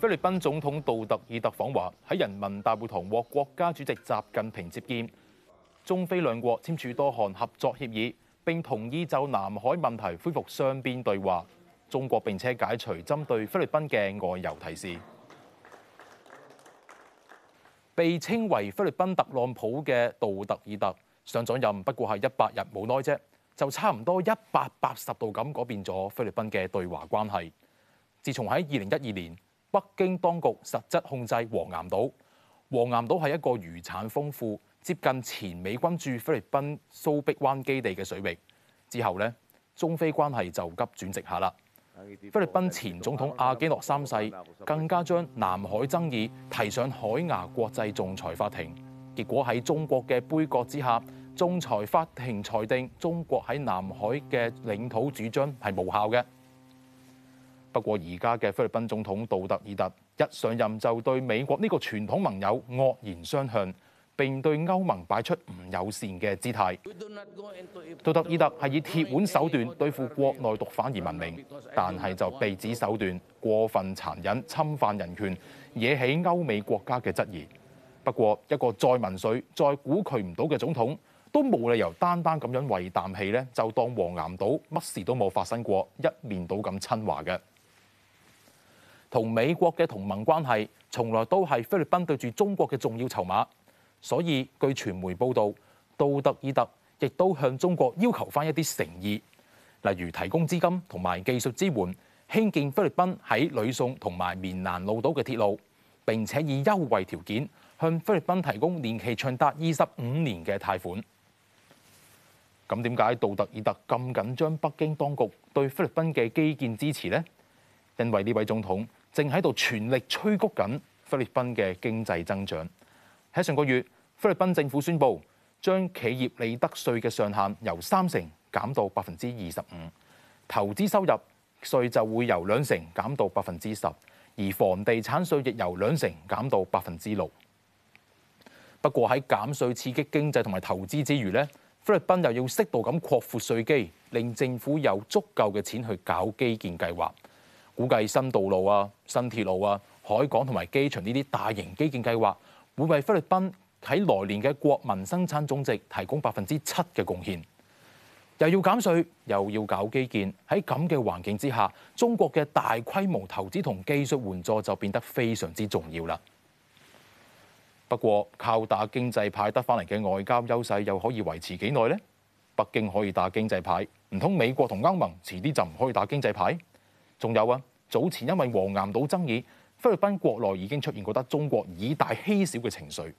菲律賓總統杜特爾特訪華，喺人民大會堂獲國家主席習近平接見，中菲兩國簽署多項合作協議，並同意就南海問題恢復雙邊對話。中國並且解除針對菲律賓嘅外遊提示，被稱為菲律賓特朗普嘅杜特爾特上咗任。不過係一百日冇耐啫，就差唔多一百八十度咁，改變咗菲律賓嘅對華關係。自從喺二零一二年，北京當局實質控制黃岩島。黃岩島係一個漁產豐富、接近前美軍駐菲律賓蘇碧灣基地嘅水域。之後呢，中菲關係就急轉直下啦。菲律賓前總統阿基諾三世更加將南海爭議提上海牙國際仲裁法庭，結果喺中國嘅杯葛之下，仲裁法庭裁定中國喺南海嘅領土主張係無效嘅。不過而家嘅菲律賓總統杜特爾特一上任就對美國呢個傳統盟友惡言相向，並對歐盟擺出唔友善嘅姿態。杜特爾特係以鐵腕手段對付國內毒販而聞名，但係就被指手段過分殘忍、侵犯人權，惹起歐美國家嘅質疑。不過一個再民粹、再估佢唔到嘅總統，都冇理由單單咁樣為啖氣呢，就當黃岩島乜事都冇發生過，一面倒咁親華嘅。同美國嘅同盟關係從來都係菲律賓對住中國嘅重要籌碼，所以據傳媒報導，杜特爾特亦都向中國要求翻一啲誠意，例如提供資金同埋技術支援，興建菲律賓喺呂宋同埋棉蘭老島嘅鐵路，並且以優惠條件向菲律賓提供年期長達二十五年嘅貸款。咁點解杜特爾特咁緊張北京當局對菲律賓嘅基建支持呢？因為呢位總統，正喺度全力催谷緊菲律賓嘅經濟增長。喺上個月，菲律賓政府宣布將企業利得稅嘅上限由三成減到百分之二十五，投資收入稅就會由兩成減到百分之十，而房地產稅亦由兩成減到百分之六。不過喺減稅刺激經濟同埋投資之餘呢，菲律賓又要適度咁擴闊稅基，令政府有足夠嘅錢去搞基建計劃。估計新道路啊、新鐵路啊、海港同埋機場呢啲大型基建計劃，會為菲律賓喺來年嘅國民生產總值提供百分之七嘅貢獻。又要減稅，又要搞基建，喺咁嘅環境之下，中國嘅大規模投資同技術援助就變得非常之重要啦。不過靠打經濟牌得翻嚟嘅外交優勢，又可以維持幾耐呢？北京可以打經濟牌，唔通美國同歐盟遲啲就唔可以打經濟牌？仲有啊，早前因為黃岩島爭議，菲律賓國內已經出現覺得中國以大欺小嘅情緒。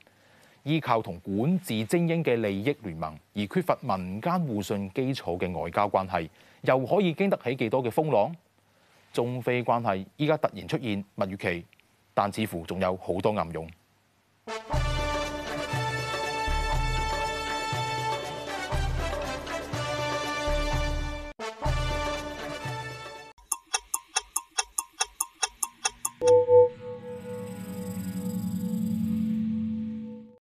依靠同管治精英嘅利益聯盟而缺乏民間互信基礎嘅外交關係，又可以經得起幾多嘅風浪？中菲關係依家突然出現蜜月期，但似乎仲有好多暗湧。